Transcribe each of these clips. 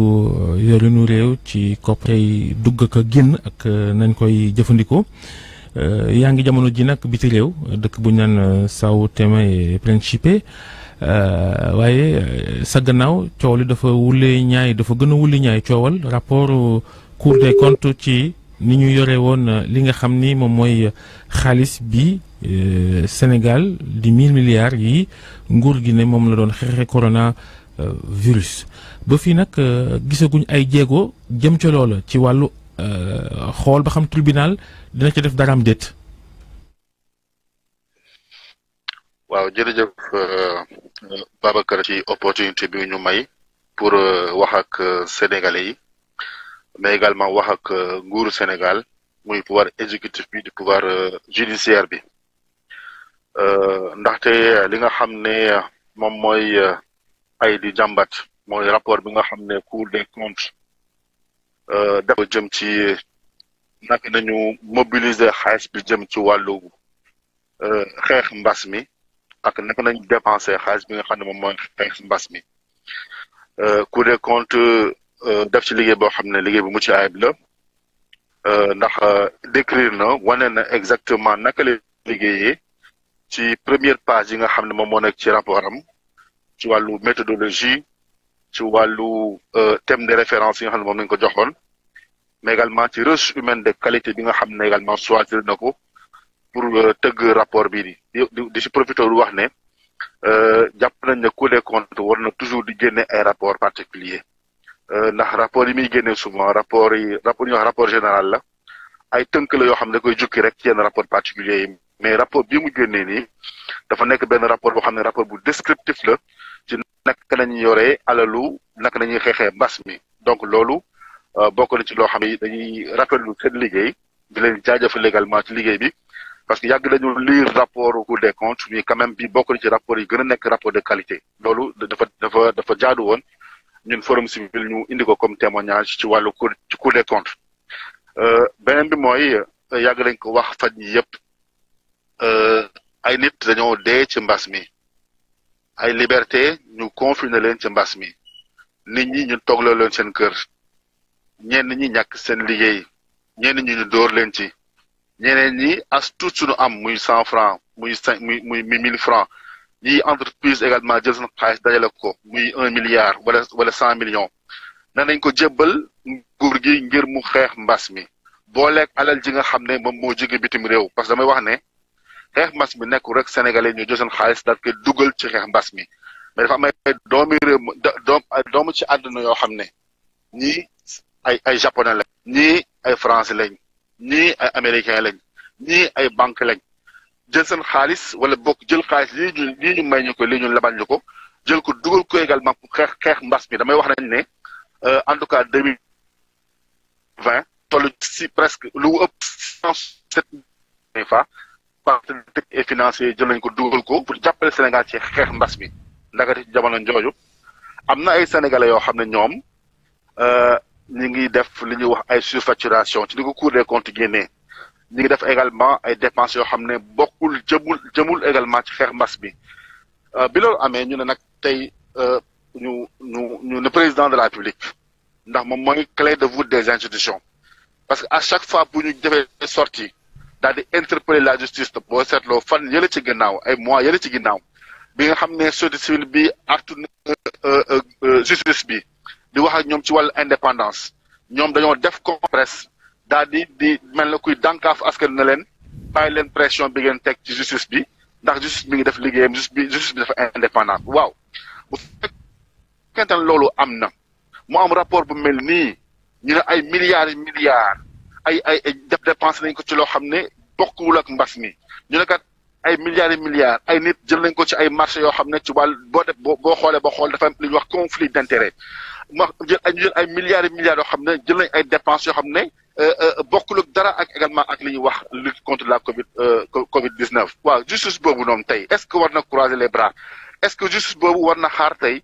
Euh, yorinu réew ci kopp tey dugg ak génn ak euh, nañ koy jëfandikoo euh, yaa ngi jamono ji nag biti réew dëkk bu naan saw Tomé et Principe waaye sa gannaaw coow li dafa wulee ñaay dafa gën a wuli ñaay coowal rapport Cour des comptes ci ni ñu yore woon li nga xam ni moom mooy xaalis bi senegal di mille milliards yi nguur gi ne moom la doon xeexe corona virus ba fii nag euh, gisaguñ ay jéego jëm ca loola ci wàllu euh, xool ba xam tribunal dina ca def am déet. waaw jërëjëf euh, Babacar ci opportunité bi ñu may pour wax ak sénégalais yi mais également wax ak nguuru Sénégal muy pouvoir exécutif bi di pouvoir judiciaire bi ndaxte li nga xam ne moom mooy ay di jàmbat. mooy rapport bi nga xam ne Cour des comptes euh, def jëm ci na nañu mobiliser xaalis bi jëm ci wàllu euh, xeex mbas mi ak naka nañ dépenser xaalis bi nga xam ne moom mooy xeex mbas mi euh, Cour des comptes def ci liggéey boo xam ne liggéey bu mucc ayib la ndax décrire na wane na exactement naka la liggéeyee ci première page yi nga xam ne moom moo nekk ci rapport am ci wàllu méthodologie ci wàllu euh, thème de référence yi nga xam ne moom lañ ko joxoon mais également ci ressources humaines de qualité bi nga xam ne également choisir na ko pour euh, tëgg rapport bi di di si profité lu wax ne euh, jàpp nañ ne Cour des comptes war na toujours di génne ay rapport particulier ndax rapport yi muy génne souvent rapport yi rapport yi ñuy wax rapport général la ay tënk la yoo xam ne da koy jukki rek ci yenn rapport particulier mais rapport bii mu génnee nii dafa nekk benn rapport boo xam ne rapport bu descriptif la ci naka la ñuy yoree alalu naka la ñuy xeexee mbas mi donc loolu euh, bokk na ci loo xam ne dañuy rafetlu seen liggéey di leen jaajëfal ci liggéey bi parce que yàgg nañu lire rapport Cour des comptes mais quand même bi bokk na ci rapport yi gën a nekk rapport de qualité loolu dafa dafa dafa jaadu woon ñun forum civil ñu indi comme témoignage ci wàllu Cour ci Cour des comptes euh, beneen bi mooy yàgg nañ ko wax faj yii yëpp Euh, ay nit dañoo dee ci mbas mi ay liberté ñu confiner leen ci mbas mi nit ñi ñu toogloo leen seen kër ñenn ñi ñàkk seen liggéey ñenn ñi ñu dóor leen ci ñeneen ñi as tuut suñu am muy cent franc muy cinq muy muy mille franc ñi entreprise également jël seen xaalis dajale ko muy un milliard wala wala cent million na nañ ko jëbal nguur gi ngir mu xeex mbas mi boo lekk alal ji nga xam ne moom moo jóge bitim réew parce que damay wax ne xeex mbas mi nekkul rek sénégalais ñu jël seen xaalis daal koy dugal ci xeex mbas mi mais dafa am ay doomu réew doomu ci àdduna yoo xam ne ñii ay ay japonais lañ ay français lañ ñii ay américain lañ ñii ay banque lañ jël seen xaalis wala bokk jël xaalis lii ñu lii ñu may ñu ko lii ñu lebal ñu ko jël ko dugal ko également pour xeex xeex mbas mi damay wax nañ ne euh, en tout cas deux mille vingt presque lu ëpp cent sept fa partenaire et financier jël nañ ko dugal ko pour jàppale Sénégal ci xeex mbas mi ndagati ci jamono jooju am na ay sénégalais yoo xam ne ñoom euh, ñu ngi def li ñuy wax ay surfacturation ci li ko Cour des comptes génnee ngi def également ay dépenses yoo xam ne bokkul jëmul jëmul également ci xeex mbas bi euh, bi loolu amee ñu ne nag tey euh, ñu nu ñu ne président de la République ndax moom mooy clé de voûte des institutions parce que à chaque fois bu ñu defee sorti daal di interpeller la justice boo seetloo fan yële ci ginnaaw ay mois yële ci ginnaaw bi nga xam ne société civile bi artu euh, euh, euh, justice bi di wax ak ñoom ci wàllu indépendance ñoom dañoo def compresse daal di di mel na kuy dànkaaf askan na leen bàyyi leen pression bi ngeen teg ci justice bi ndax justice bi ngi def liggéeyam justice bi justice bi dafa indépendance waaw bu fekkente loolu am na mu am rapport bu mel nii ñu ne ay milliards yi milliards ay ay def dépense nañ ko ci loo xam ne bokkuwul ak mbas mi ñu ne kat ay milliards et milliards ay nit jël nañ ko ci ay marché yoo xam ne ci wàll boo def boo xoolee boo xool dafa am lu wax conflit d' intérêt ma ay ñu jël et milliards yoo xam ne jël nañ ay dépense yoo xam ne euh, euh, bokkul ak dara ak également ak li ñuy wax lutte contre la Covid euh, Covid 19. waaw justice boobu noonu tey est ce que war na croiser les bras est ce que justice boobu war na xaar tey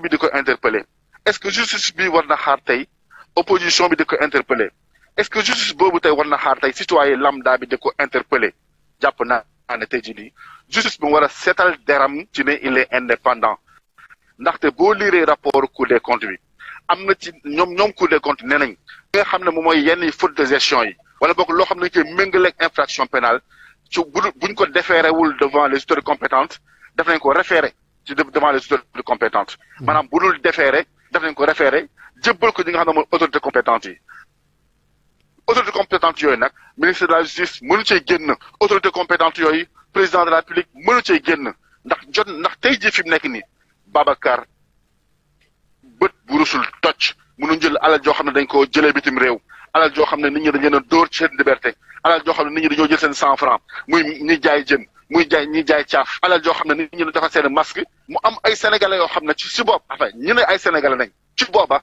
bi di ko interpeller est ce que justice bi war na xaar tey opposition bi di ko interpeller est-ce que justice boobu tey war na xaar tey citoyen lambda bi di ko interpeller jàpp naa ne tey jii nii justice bi mu war a seetal deram ci ne il est indépendant ndaxte boo liiree rapport Cour des comptes bi am na ci ñoom ñoom Cour des comptes nee nañ nga xam ne moom mooy yenn faute de gestion yi wala boog loo xam ne dañ koy méngaleeg infraction pénale ci buñ ko déférewul devant les autorités compétentes def nañ ko référé ci devant les autorités compétentes hmm. maanaam bu dul déféré def nañ ko référé jébbal ko ñi nga xam ne mooy autorités compétentes yi autorité compétente yooyu nag ministre de la justice mënu cee génn autorité compétente yooyu président de la république mënu cee génn ndax jot ndax tey jii fi mu nekk nii Babacar bët bu rusul toj mënu jël alal joo xam ne dañ koo jëlee bitim réew alal joo xam ne ni ñi dañ leen a dóor ci seen liberté alal joo xam ne nit ñi dañoo jël seen cent franc muy ñi jaay jën muy jaay ñi jaay caaf alal joo xam ne nit ñi dafa seen masque mu am ay sénégalais yoo xam ne ci si bopp enfin ay sénégalais nañ ci booba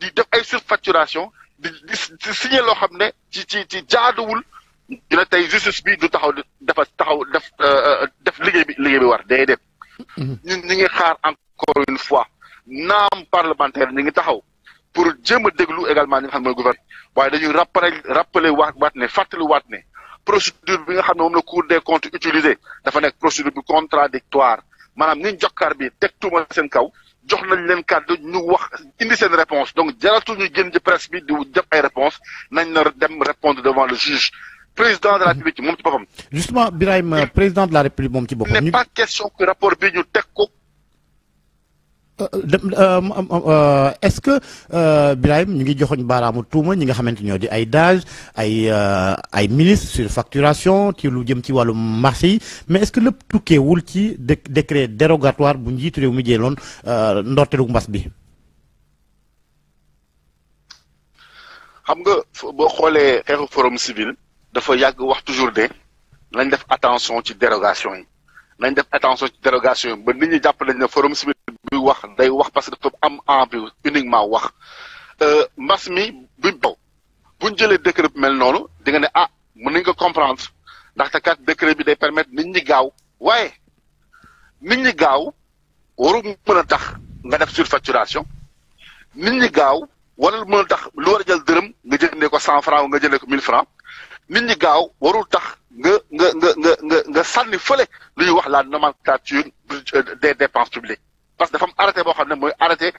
di def ay surfacturation di di signé loo xam ne ci ci ci jaaduwul dina tey justice bi du taxaw dafa taxaw def euh, euh, def liggéey bi liggéey bi war day dem. Mm-hmm. ñun ñu ngi xaar encore une fois naam parlementaire ñu ngi taxaw pour jéem a déglu également ñi nga xam ne mooy gouvernement waaye dañuy rappeler rappeler waat waat ne fàttali waat ne procédure bi nga xam ne moom la cour des comptes utilisé dafa nekk procédure bi contradictoire maanaam ni jokkaar bi teg tuma seen kaw. jox nañ leen kàddu ñu wax indi seen réponse donc jaratu ñu génn ci presse bi di def réponse nañ na dem répondre devant le juge président de la République moom ci boppam. justement Birahim président de la République moom ci boppam. il n'est pas question que rapport bi ñu teg ko. Euh, euh, est-ce que euh, Birahim ñu ngi joxoñ baaraamu tuuma ñi nga xamante ñoo di ay DAGE ay ay ministre sur facturation ci lu jëm ci wàllu marché yi mais est-ce que lépp tukkeewul ci décret dérogatoire bu njiitu réew mi jëloon ndorteelu mbas bi. xam nga boo xoolee xeexu forum civil dafa yàgg wax toujours de nañ def attention ci dérogation yi nañ def attention ci dérogation yi ba nit ñi jàpp nañ ne forum civil. buy wax day wax parce que dafa am envie uniquement wax euh, mbas mi buñ baw buñ jëlee décret bi mel noonu di nga ne ah mën nañ ko comprendre ndaxte kat décret bi day permettre nit ñi gaaw waaye nit ñi gaaw warul a tax nga def surfacturation nit ñi gaaw warul mën tax lu war jël dërëm nga jëndee ko cent franc nga jëndee ko mille franc ñi gaaw warul tax nga nga nga nga nga nga sànni fële lu ñuy wax la nomenclature euh, des dépenses publiques parce que dafa am arrêté xam ne mooy arrêté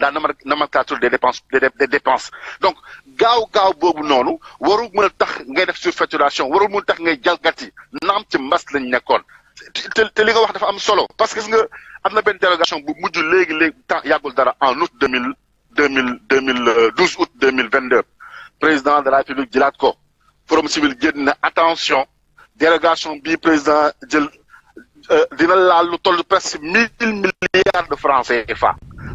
dans nomenclature des dépenses des dépenses donc gaaw gaaw boobu noonu warul mën a tax ngay def surfacturation warul mën a tax ngay jalgati naam ci mbas lañ nekkoon li nga wax dafa am solo parce que gis nga am na benn dérogation bu mujj léegi léegi temps yàggul dara en août deux mille deux mille deux mille euh, douze août deux mille vingt deux président de la république jëlaat ko forum civil génn na attention dérogation bi président jël Euh, dina laal lu toll presque mille milliards de francs CFA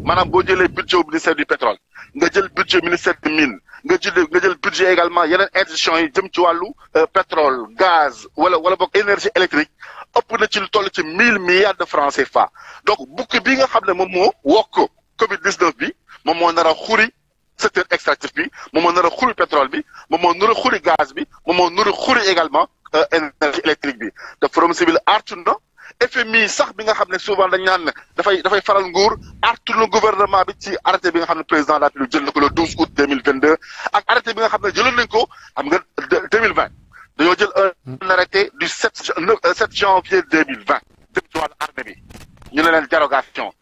maanaam boo jëlee budget wu ministère du pétrole nga jël budget ministère des mines nga jël nga jël budget également yeneen institutions yi jëm ci wàllu euh, pétrole gaz wala wala boog énergie électrique ëpp na ci lu toll ci mille milliards de francais CFA donc bukki bi nga xam ne moom moo wokk Covid 19 bi moom moo nar a xuri secteur extractif bi moom moo nar a xuri pétrole bi moom moo nar a xuri gaz bi moom moo nar a xuri également euh, énergie bi te Forum Civil FMI sax bi nga xam ne souvent dañ naan dafay dafay faral nguur artu na gouvernement bi ci arrêté bi nga xam ne président la République jël na ko le 12 août 2022 ak arrêté bi nga xam ne jëloon nañ ko xam nga 2020 dañoo jël un mm. arrêté du 7 7 euh, janvier 2020 ñu ne leen dérogation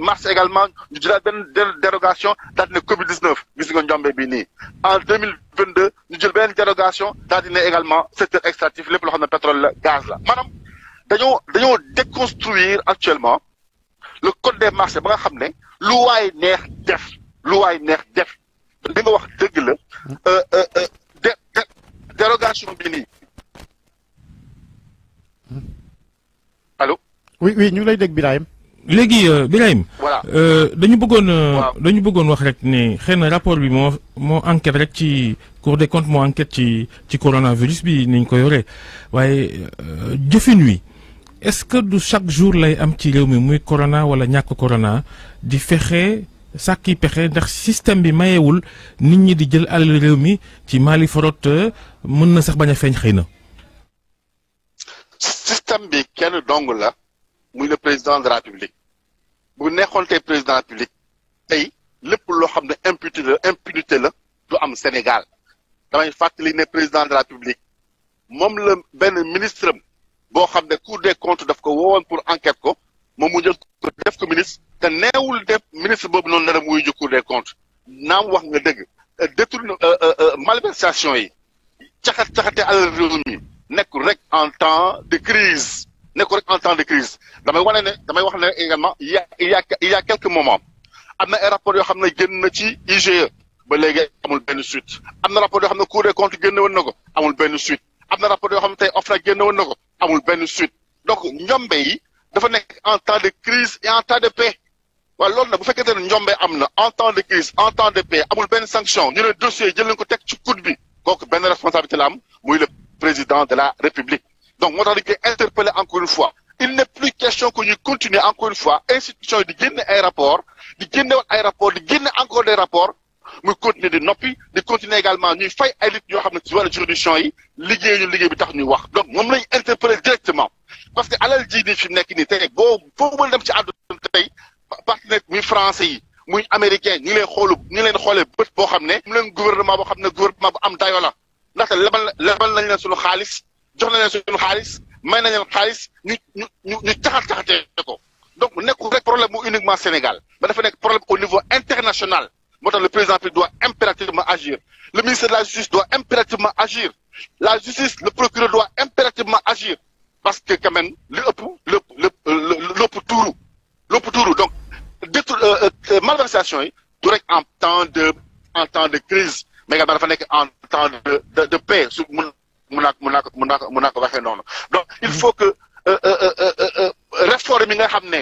mars également ñu jëlaat benn dérogation daal di ne Covid 19 gis nga njombe bi nii en 2022 ñu jël benn dérogation daal di ne également secteur extractif lépp loo xam ne pétrole la gaz la dañoo dañoo déconstruire actuellement le code des marchés ba nga xam ne lu waaye neex def lu waay neex def li wax dëgg la mm. euh, euh, euh, dé dérogation bi nii mm. allo. oui oui ñu ngi lay dégg Birahim. léegi Birahim. dañu bëggoon. dañu bëggoon wax rek ne xëy na rapport bi moo moo enquête rek ci Cour des comptes moo enquête ci ci coronavirus bi ni ñu ko yoree waaye jëfin wi. est-ce que du chaque jour lay am ci réew mi muy corona wala ñàkk corona di fexe sàkki pexe ndax système bi mayewul nit ñi di jël alal réew mi ci maali forot euh, mën na sax bañ a feeñ xëy na. système bi kenn dong la muy le président de la République bu neexoon tey président de la République tey lépp loo xam ne impunité la la du am Sénégal damay fàttali ne président de la République moom la benn ministre boo xam ne cour des comptes daf ko woowoon pour enquête ko moom mu jël ko def ko ministre te neewul def ministre boobu noonu na dem wuyu de cour naam wax nga dëgg euh, détourne euh, euh, malversation yi caxat caxate alal réew mi nekkul rek en temps de crise nekkul rek en temps de crise damay wane ne damay wax ne également il y a il y a il y a quelques na ay rapport yoo xam ne génn na ci IGE ba léegi amul benn suite am na rapport yoo xam ne cour des comptes génne woon na ko amul benn suite am na rapport yoo xam ne tey génne woon na ko amul benn suite donc njombe yi dafa nekk en temps de crise et en temps de paix waaye loolu nag bu fekkente ne njombe am na en temps de crise en temps de paix amul benn sanction ñu ne dossier jël nañ ko teg ci coude bi kooku benn responsabilité la am muy le président de la république donc moo tax dañ koy interpeller encore une fois il n'est plus question que ñuy continuer encore une fois institution di génne ay rapport di génne ay rapport di génne encore des rapports muy continuer di noppi di continuer également ñuy fay ay nit ñoo xam ne ci wàllu juridiction yi liggéeyuñu liggéey bi tax ñuy wax donc moom lañu interpeller directement parce que alal ji nii fi mu nekk nii tey boo foo mën dem ci àdduna tey partenaire muy français yi muy américain ñu ngi leen xoolu ñu xoolee bët boo xam ne mu leen gouvernement boo xam ne gouvernement bu am dayo la ndaxte lebal lebal leen suñu xaalis jox na leen suñu xaalis may nañ leen xaalis ñu ñu ñu ko donc nekkul rek problème mu Sénégal ba dafa nekk problème au niveau international moo tax le président doit impérativement agir le ministre de la justice doit impérativement agir la justice le procureur doit impérativement agir parce que quand même li ëpp lépp lépp lépp tuuru donc détru euh, euh, euh, malversation yi du en temps de en temps de crise mais également dafa nekk en temps de de de paix su mun mun naa mun naa donc il mm-hmm. faut que réforme yi nga xam ne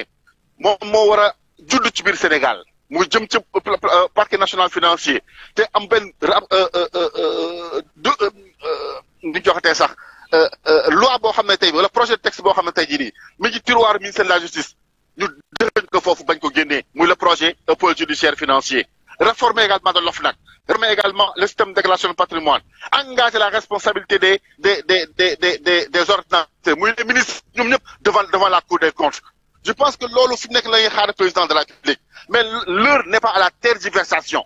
moom moo war a judd ci biir Sénégal mu jëm ca euh, parquet national financier te am benn euh, euh, du ñu joxatee sax loi boo xam ne tey wala projet de texte boo xam ne tey jii nii mi ngi tiroir ministère de la justice ko foofu bañ ko génnee muy le projet le pôle judiciaire financier réformer également de l'OFNAC réformer également le système de déclaration de patrimoine engager la responsabilité des des des des des muy les ministres ñoom ñëpp devant devant la cour des comptes je pense que loolu fi mu nekk la ñuy xaar président de la République mais l'heure n'est pas à la tergiversation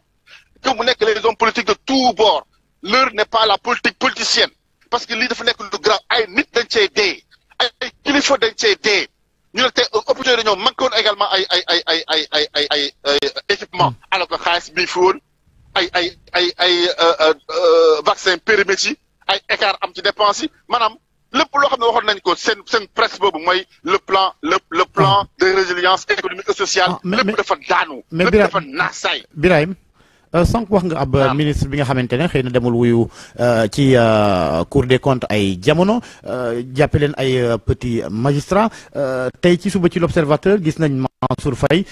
que mu nekk les hommes politiques de tout bords l'heure n'est pas à la politique politicienne parce que lii dafa nekk lu grave ay nit dañ cee dee ay kilifa dañ cee dee ñu ne te opportunité dañoo manqué woon également ay ay ay ay ay ay ay ay ay équipement alors que xaalis bi fi ay ay ay ay vaccin périmètres yi ay écart am ci dépenses yi maanaam lépp loo xam ne waxoon nañ ko seen seen presse boobu mooy le plan le le plan ah. de résilience économique et sociale ah, lépp dafa daanu lépp dafa naasaay Birahim Euh, sànq wax nga ab ah. ministre bi nga xamante ne xëy na demul wuyu euh, ci euh, cour de comptes ay jamono jàppe leen ay petit magistrat tey ci suba ci l'observateur gis nañ Mansour Faye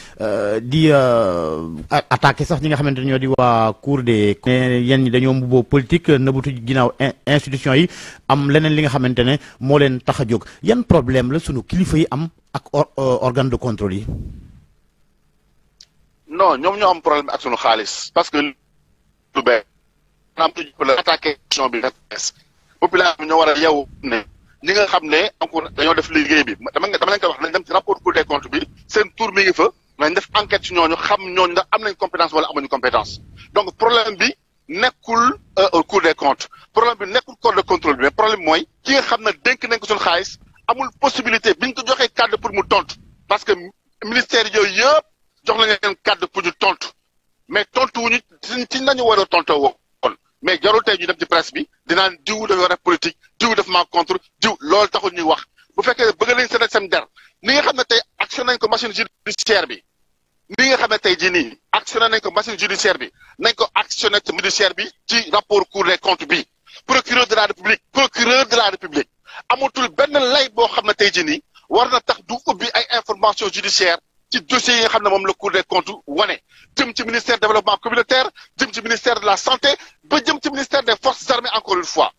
di attaqué sax ñi nga xamante ne ñoo di waa cour des comptes yéen ñi dañoo mbubboo politique nëbutu ginnaaw institution yi am leneen li nga xamante ne moo leen tax a jóg yan problème la sunu kilifa yi am ak organe de contrôle yi non ñoom ñoo am problème ak sunu xaalis parce que lu bees maanaam lu attaqué question bi dafa bees population bi ñoo war a yeewu ne ñi nga xam ne encore dañoo def liggéey bi dama dama leen koy wax nañ dem ci rapport Cour des comptes bi seen tour mi ngi fa nañ def enquête ci ñooñu xam ñooñu ndax am nañ compétence wala amuñu compétence donc problème bi nekkul euh, Cour des comptes problème bi nekkul corps de contrôle bi mais problème mooy ki nga xam ne dénk nañ ko suñu xaalis amul possibilité biñ ko joxee cadre pour mu tontu parce que ministère yooyu yëpp. jox nañu leen kàddu pour tontu mais tontu wu ñu ci nañu war a tontoo woon mais jarul tey ñu dem ci presse bi dinaan diw dafa def politique diw def maa contre diw lool taxul ñuy wax bu fekkee bëgg nañ seen seen der ni nga xam na tey action nañ ko machine judiciaire bi ni nga xam ne tey jii nii actionné nañ ko machine judiciaire bi nañ ko actionné ne judiciaire bi ci rapport cour des comptes bi procureur de la république procureur de la république amatul benn la boo xam ne tey jii nii war na tax du ubbi ay information judiciaire ci dossiers yi nga la Cour des comptes wane jëm ci ministère développement communautaire jëm ci ministère de la santé ba jëm ci ministère des forces armées encore une fois.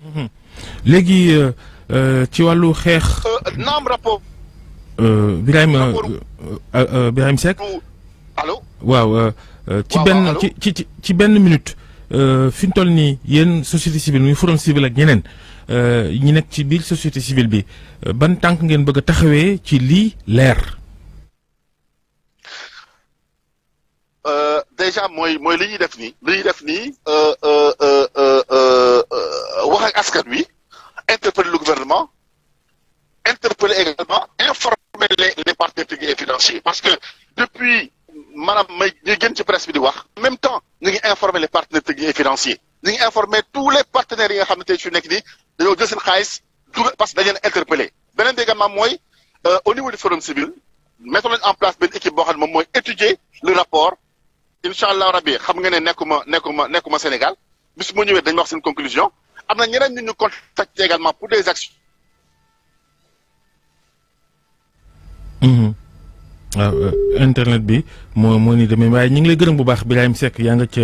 Mhm. léegi euh, euh, ci wàllu xeex. Euh, naam rapport. Birahima Birahima Seck. allo waaw. ci benn ci ci ci benn minute fi ñu toll nii yéen société civile muy forum civil ak yeneen Euh, ñu nekk ci biir société civile bi euh, ban tànk ngeen bëgg a taxawee ci lii leer. Euh, déjà mooy mooy li ñuy def nii li ñuy def nii wax ak askan wi interpeller le gouvernement interpeller également informer les les partenaires et financiers parce que depuis maanaam may ñu gën ci presse bi di wax même temps ñu ngi informer les partenaires techniques et financiers ñu ngi informer tous les partenaires yi nga xam ne tey su nekk nii dañoo jël seen xaalis dugal parce que dañu leen interpellé beneen bi maam mooy euh, au niveau du forum civil mettre nañ en place benn équipe boo xam ne moom mooy étudier le rapport incha allah rabi xam nga ne nekkuma nekkuma nekkuma Sénégal bis moo ñëwee dañ wax seen conclusion am na ñeneen ñu ñu contacté également pour des actions. Mm-hmm. Ah, euh, internet bi moo moo ni demee waaye ñu ngi lay gërëm bu baax Birahim Seck yaa nga ca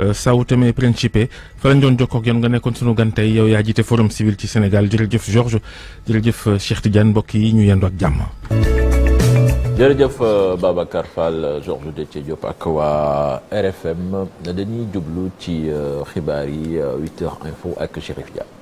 euh, Sao Tomé Principe fa lañ doon jokkoo ak yoon nga nekkoon sunu gan tey yow yaa jiite forum civil ci Sénégal jërëjëf Georges jërëjëf euh, Cheikh Tidiane mbokk yi ñu yendu ak jàmm. jërëjëf Babacar Fall Georges Déthié Diop ak waa RFM dañuy jublu ci xibaar yi 8h info ak Chérif Dia.